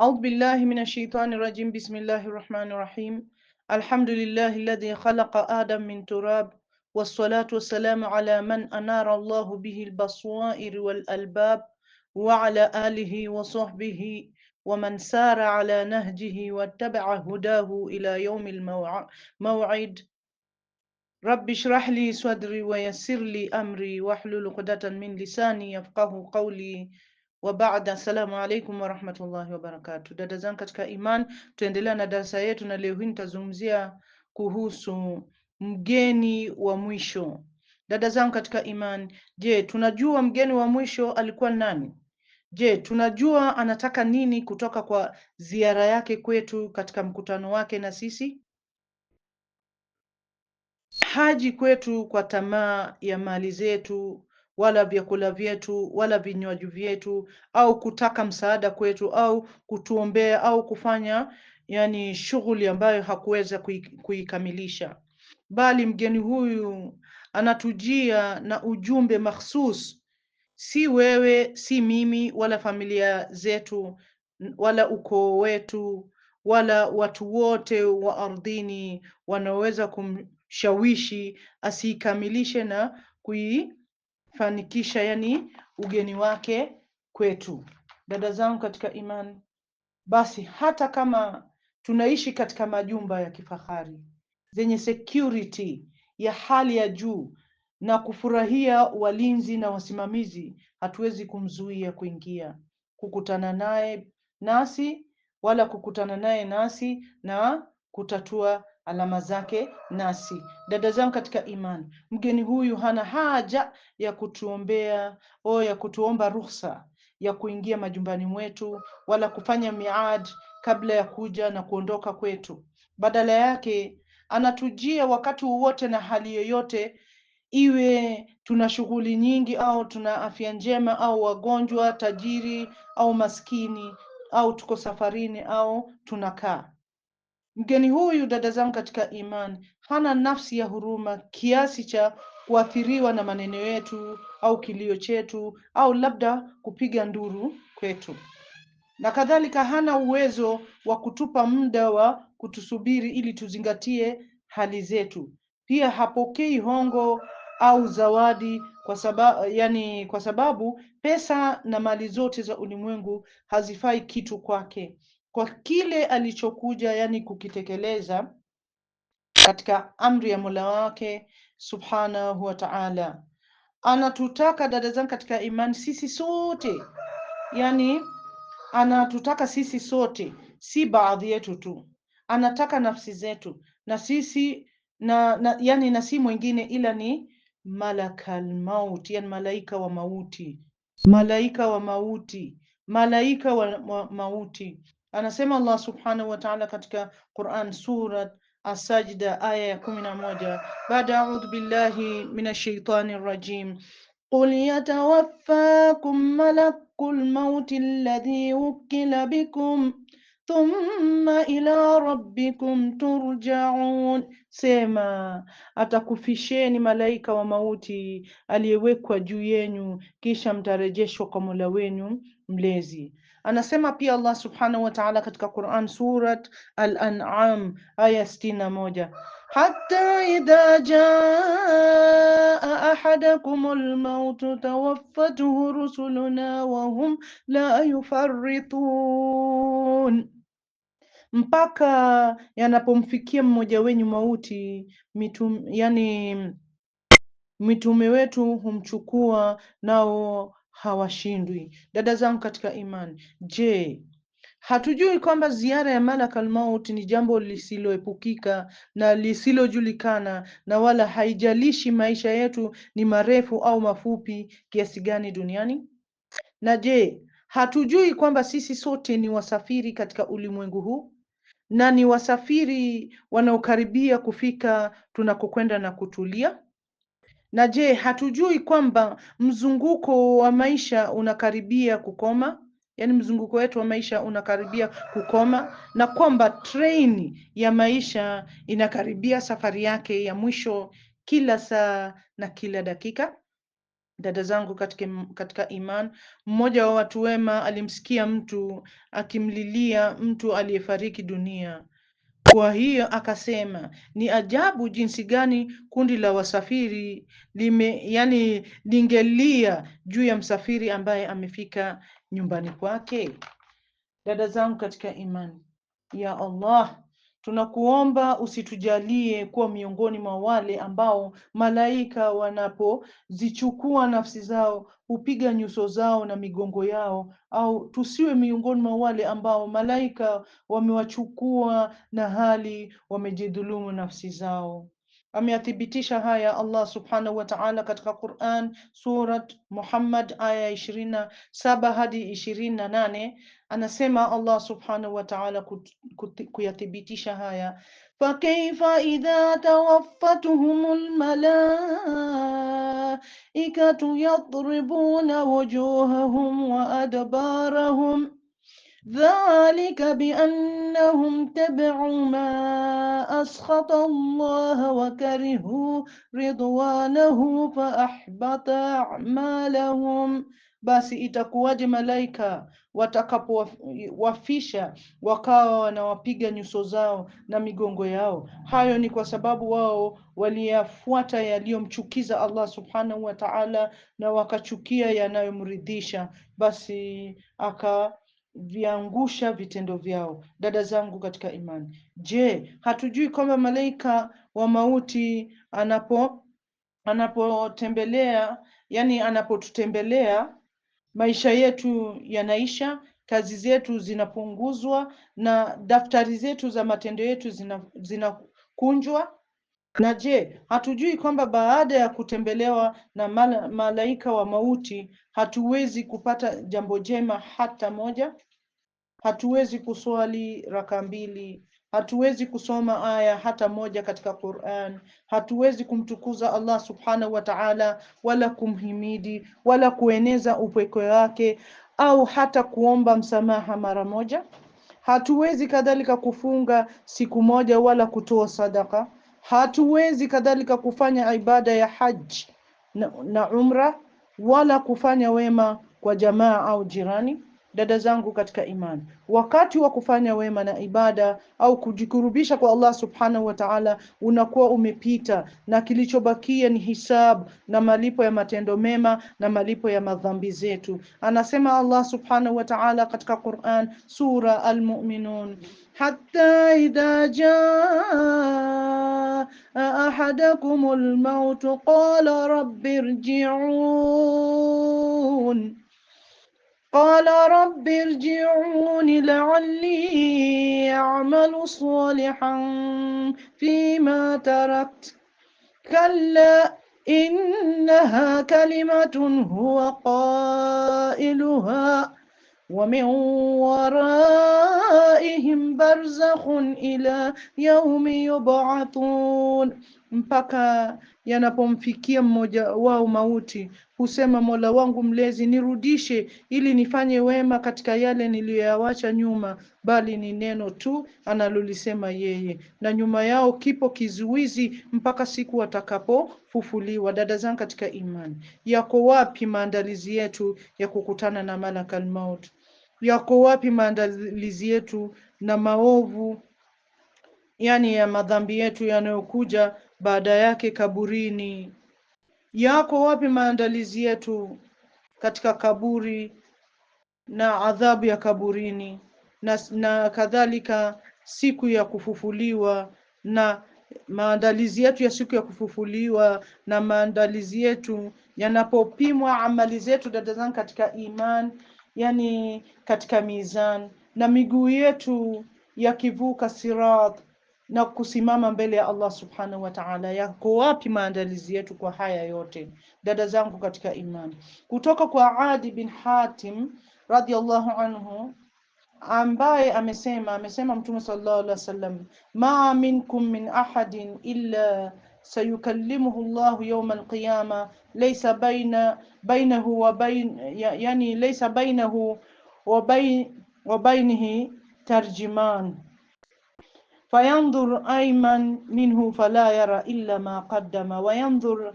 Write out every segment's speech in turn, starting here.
أعوذ بالله من الشيطان الرجيم بسم الله الرحمن الرحيم الحمد لله الذي خلق آدم من تراب والصلاة والسلام على من أنار الله به البصائر والألباب وعلى آله وصحبه ومن سار على نهجه واتبع هداه إلى يوم الموعد رب اشرح لي صدري ويسر لي أمري واحلل عقدة من لساني يفقه قولي Wabaada, assalamu alaikum warahmatullahi wabarakatu. Dada zangu katika iman, tutaendelea na darasa yetu, na leo hii nitazungumzia kuhusu mgeni wa mwisho. Dada zangu katika iman, je, tunajua mgeni wa mwisho alikuwa nani? Je, tunajua anataka nini kutoka kwa ziara yake kwetu, katika mkutano wake na sisi? Haji kwetu kwa tamaa ya mali zetu wala vyakula vyetu wala vinywaji vyetu au kutaka msaada kwetu au kutuombea au kufanya yani shughuli ambayo hakuweza kuikamilisha, bali mgeni huyu anatujia na ujumbe mahsus, si wewe, si mimi, wala familia zetu, wala ukoo wetu, wala watu wote wa ardhini wanaoweza kumshawishi asiikamilishe na kui kufanikisha yani ugeni wake kwetu. Dada zangu katika imani, basi hata kama tunaishi katika majumba ya kifahari zenye security ya hali ya juu na kufurahia walinzi na wasimamizi, hatuwezi kumzuia kuingia kukutana naye nasi wala kukutana naye nasi na kutatua alama zake nasi. Dada zangu katika imani, mgeni huyu hana haja ya kutuombea o ya kutuomba ruhusa ya kuingia majumbani mwetu wala kufanya miadi kabla ya kuja na kuondoka kwetu. Badala yake anatujia wakati wowote na hali yoyote iwe tuna shughuli nyingi au tuna afya njema au wagonjwa, tajiri au maskini, au tuko safarini au tunakaa. Mgeni huyu dada zangu katika imani hana nafsi ya huruma kiasi cha kuathiriwa na maneno yetu au kilio chetu au labda kupiga nduru kwetu, na kadhalika hana uwezo wa kutupa muda wa kutusubiri ili tuzingatie hali zetu. Pia hapokei hongo au zawadi kwa sababu, yani kwa sababu pesa na mali zote za ulimwengu hazifai kitu kwake, kwa kile alichokuja yani kukitekeleza katika amri ya Mola wake subhanahu wa ta'ala. Anatutaka dada zangu katika imani, sisi sote yani, anatutaka sisi sote, si baadhi yetu tu, anataka nafsi zetu na sisi na, na yani na si mwingine ila ni malakal maut, yani malaika wa mauti, malaika wa mauti, malaika wa mauti Anasema Allah subhanahu wa ta'ala katika Quran sura Asajda aya ya kumi na moja baada audhu billahi minash shaitani rajim qul yatawaffakum malakul mauti alladhi wukkila bikum thumma ila rabbikum turjaun, sema atakufisheni malaika wa mauti aliyewekwa juu yenu, kisha mtarejeshwa kwa Mola wenu mlezi. Anasema pia Allah subhanahu wa ta'ala katika Quran Surat Al-An'am aya sitini na moja idha jaa ahadakum mautu tawaffatuhu rusuluna wa hum la yufarritun, mpaka yanapomfikia mmoja wenyu mauti mitum, yani mitume wetu humchukua nao hawashindwi. Dada zangu katika imani, je, hatujui kwamba ziara ya malakal mauti ni jambo lisiloepukika na lisilojulikana, na wala haijalishi maisha yetu ni marefu au mafupi kiasi gani duniani? Na je, hatujui kwamba sisi sote ni wasafiri katika ulimwengu huu na ni wasafiri wanaokaribia kufika tunakokwenda na kutulia? Na je, hatujui kwamba mzunguko wa maisha unakaribia kukoma? Yaani mzunguko wetu wa maisha unakaribia kukoma na kwamba treni ya maisha inakaribia safari yake ya mwisho kila saa na kila dakika. Dada zangu katika, katika iman, mmoja wa watu wema alimsikia mtu akimlilia mtu aliyefariki dunia kwa hiyo akasema ni ajabu jinsi gani kundi la wasafiri lime, yani lingelia juu ya msafiri ambaye amefika nyumbani kwake. Dada zangu katika imani, ya Allah, Tunakuomba usitujalie kuwa miongoni mwa wale ambao malaika wanapozichukua nafsi zao hupiga nyuso zao na migongo yao, au tusiwe miongoni mwa wale ambao malaika wamewachukua na hali wamejidhulumu nafsi zao. ameyathibitisha haya Allah subhanahu wa ta'ala katika Quran Surat Muhammad aya ishirini na saba hadi ishirini na nane anasema Allah subhanahu wa ta'ala kuyathibitisha haya fakaifa idha tawaffatuhumul malaikatu yadribuna wujuhahum wa adbarahum ذلك بأنهم تبعوا ما أسخط الله وكرهوا رضوانه فأحبط أعمالهم basi itakuwaje malaika watakapowafisha wakawa wanawapiga nyuso zao na migongo yao? Hayo ni kwa sababu wao waliyafuata yaliyomchukiza Allah subhanahu wa ta'ala, na wakachukia yanayomridhisha, basi aka viangusha vitendo vyao. Dada zangu katika imani, je, hatujui kwamba malaika wa mauti anapo anapotembelea yani, anapotutembelea maisha yetu yanaisha, kazi zetu zinapunguzwa, na daftari zetu za matendo yetu zinakunjwa, zina na je, hatujui kwamba baada ya kutembelewa na malaika wa mauti hatuwezi kupata jambo jema hata moja? Hatuwezi kuswali raka mbili, hatuwezi kusoma aya hata moja katika Qur'an, hatuwezi kumtukuza Allah subhanahu wa ta'ala, wala kumhimidi wala kueneza upweke wake, au hata kuomba msamaha mara moja. Hatuwezi kadhalika kufunga siku moja wala kutoa sadaka Hatuwezi kadhalika kufanya ibada ya haji na, na umra wala kufanya wema kwa jamaa au jirani. Dada zangu katika imani, wakati wa kufanya wema na ibada au kujikurubisha kwa Allah subhanahu wa ta'ala unakuwa umepita, na kilichobakia ni hisabu na malipo ya matendo mema na malipo ya madhambi zetu. Anasema Allah subhanahu wa ta'ala katika Qur'an, sura Al-Mu'minun, hatta idha jaa أحدكم الموت قال رب ارجعون قال رب ارجعون لعلي أعمل صالحا فيما تركت كلا إنها كلمة هو قائلها ومن ورائهم برزخ إلى يوم يبعثون mpaka yanapomfikia mmoja wao mauti. Husema Mola wangu mlezi, nirudishe ili nifanye wema katika yale niliyoyawacha nyuma, bali ni neno tu analolisema yeye, na nyuma yao kipo kizuizi mpaka siku watakapofufuliwa. Dada zangu katika imani, yako wapi maandalizi yetu ya kukutana na malakal maut? yako wapi maandalizi yetu na maovu yani ya madhambi yetu yanayokuja baada yake kaburini? Yako wapi maandalizi yetu katika kaburi na adhabu ya kaburini na, na kadhalika siku ya kufufuliwa na maandalizi yetu ya siku ya kufufuliwa na maandalizi yetu yanapopimwa amali zetu, dada zangu katika iman yani katika mizan, na miguu yetu yakivuka sirat na kusimama mbele ya Allah subhanahu wa ta'ala. Yako wapi maandalizi yetu kwa haya yote, dada zangu katika imani? Kutoka kwa Adi bin Hatim radhiallahu anhu ambaye amesema amesema Mtume sallallahu alaihi wasallam, ma minkum min ahadin illa سيكلمه الله يوم القيامة ليس بين بينه وبين يعني ليس بينه وبين وبينه ترجمان فينظر أيمن منه فلا يرى إلا ما قدم وينظر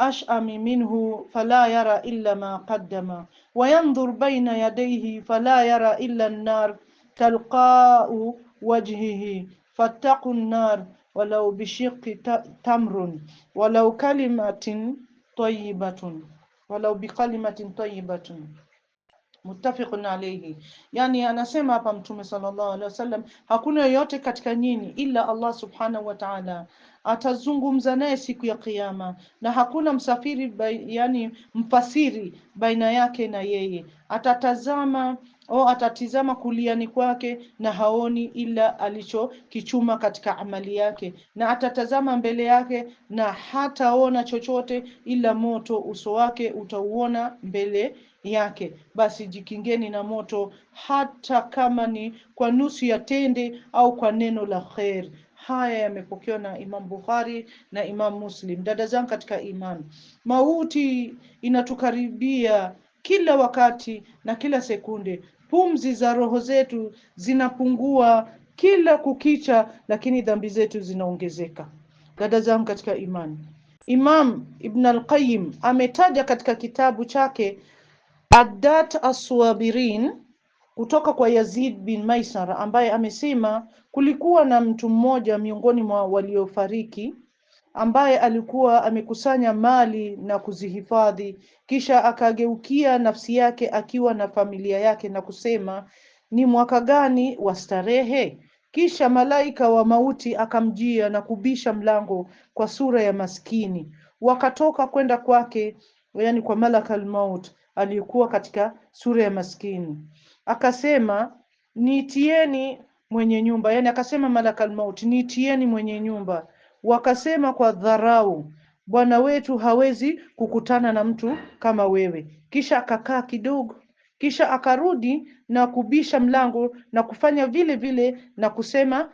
أشأم منه فلا يرى إلا ما قدم وينظر بين يديه فلا يرى إلا النار تلقاء وجهه فاتقوا النار walau bishiqi tamrun walau kalimatin tayyibatun walau bikalimatin tayyibatun muttafiqun alayhi. Yani anasema hapa Mtume sallallahu alaihi wasallam, hakuna yoyote katika nyinyi ila Allah subhanahu wa ta'ala atazungumza naye siku ya Kiyama, na hakuna msafiri yani mfasiri baina yake na yeye, atatazama o oh, atatizama kuliani kwake na haoni ila alichokichuma katika amali yake, na atatazama mbele yake na hataona chochote ila moto, uso wake utauona mbele yake. Basi jikingeni na moto, hata kama ni kwa nusu ya tende au kwa neno la kheri. Haya yamepokewa na Imam Bukhari na Imam Muslim. Dada zangu katika imani, mauti inatukaribia kila wakati na kila sekunde pumzi za roho zetu zinapungua kila kukicha, lakini dhambi zetu zinaongezeka. Dada zangu katika imani, Imam Ibn al-Qayyim ametaja katika kitabu chake Adat Aswabirin kutoka kwa Yazid bin Maisara ambaye amesema kulikuwa na mtu mmoja miongoni mwa waliofariki ambaye alikuwa amekusanya mali na kuzihifadhi, kisha akageukia nafsi yake akiwa na familia yake na kusema, ni mwaka gani wa starehe? Kisha malaika wa mauti akamjia na kubisha mlango kwa sura ya maskini, wakatoka kwenda kwake, yani kwa malakal maut aliyekuwa katika sura ya maskini, akasema niitieni mwenye nyumba. Yani akasema malakal maut, niitieni mwenye nyumba Wakasema kwa dharau, bwana wetu hawezi kukutana na mtu kama wewe. Kisha akakaa kidogo, kisha akarudi na kubisha mlango na kufanya vile vile na kusema,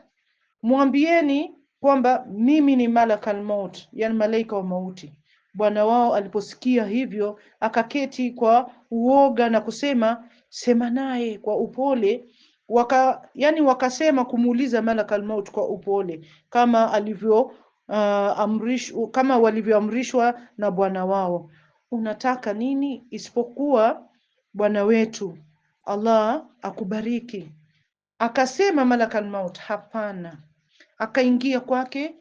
mwambieni kwamba mimi ni malakal maut, yani malaika wa mauti. Bwana wao aliposikia hivyo akaketi kwa uoga na kusema, sema naye kwa upole waka, yani wakasema kumuuliza malakal maut kwa upole kama alivyo uh, amrish, kama walivyoamrishwa na bwana wao, unataka nini isipokuwa bwana wetu Allah akubariki? Akasema malakal maut, hapana. Akaingia kwake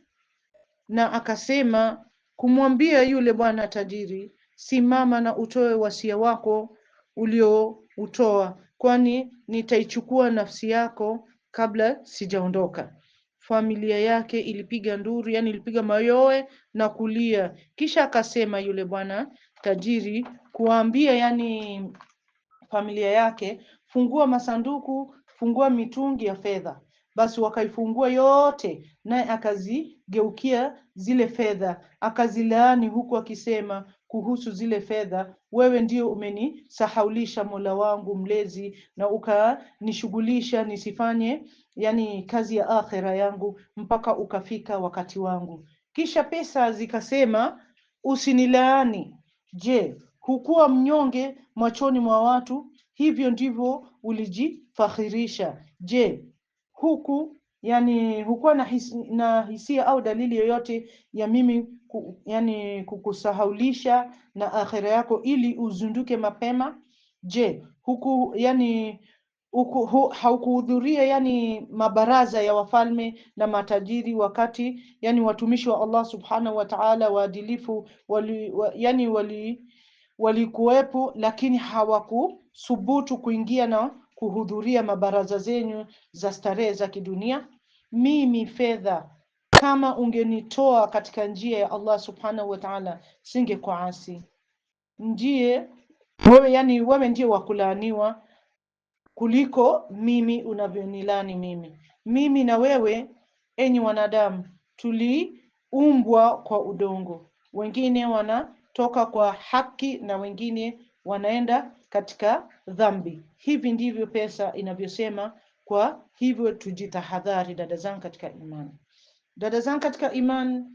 na akasema kumwambia yule bwana tajiri, simama na utoe wasia wako ulioutoa kwani nitaichukua nafsi yako kabla sijaondoka. Familia yake ilipiga nduru, yani ilipiga mayowe na kulia. Kisha akasema yule bwana tajiri kuambia, yani familia yake, fungua masanduku, fungua mitungi ya fedha. Basi wakaifungua yote, naye akazigeukia zile fedha, akazilaani huku akisema, kuhusu zile fedha, wewe ndio umenisahaulisha Mola wangu mlezi, na ukanishughulisha nisifanye yani kazi ya akhera yangu mpaka ukafika wakati wangu. Kisha pesa zikasema, usinilaani. Je, hukuwa mnyonge machoni mwa watu? Hivyo ndivyo ulijifakhirisha. Je, huku yani hukuwa na, his, na hisia au dalili yoyote ya mimi ku, yani kukusahaulisha na akhira yako ili uzunduke mapema? Je, huku yani haukuhudhuria yani mabaraza ya wafalme na matajiri, wakati yani watumishi wa Allah subhanahu wa ta'ala waadilifu wali, wa, yani walikuwepo lakini hawakusubutu kuingia na kuhudhuria mabaraza zenyu za starehe za kidunia. Mimi fedha, kama ungenitoa katika njia ya Allah subhanahu wa ta'ala, singekuasi. Ndiye wewe, yani wewe ndiye wakulaaniwa kuliko mimi unavyonilani mimi. Mimi na wewe, enyi wanadamu, tuliumbwa kwa udongo, wengine wanatoka kwa haki na wengine wanaenda katika dhambi. Hivi ndivyo pesa inavyosema. Kwa hivyo tujitahadhari, dada zangu katika imani, dada zangu katika imani,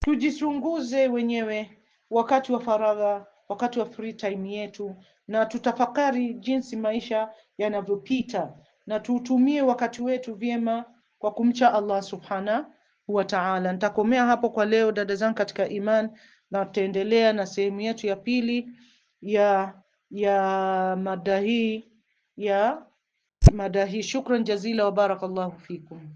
tujichunguze wenyewe wakati wa faragha, wakati wa free time yetu, na tutafakari jinsi maisha yanavyopita, na tuutumie wakati wetu vyema kwa kumcha Allah subhana wa ta'ala. Nitakomea hapo kwa leo, dada zangu katika iman na tutaendelea na sehemu yetu ya pili ya ya mada hii ya mada hii. Shukran jazila wa barakallahu fikum.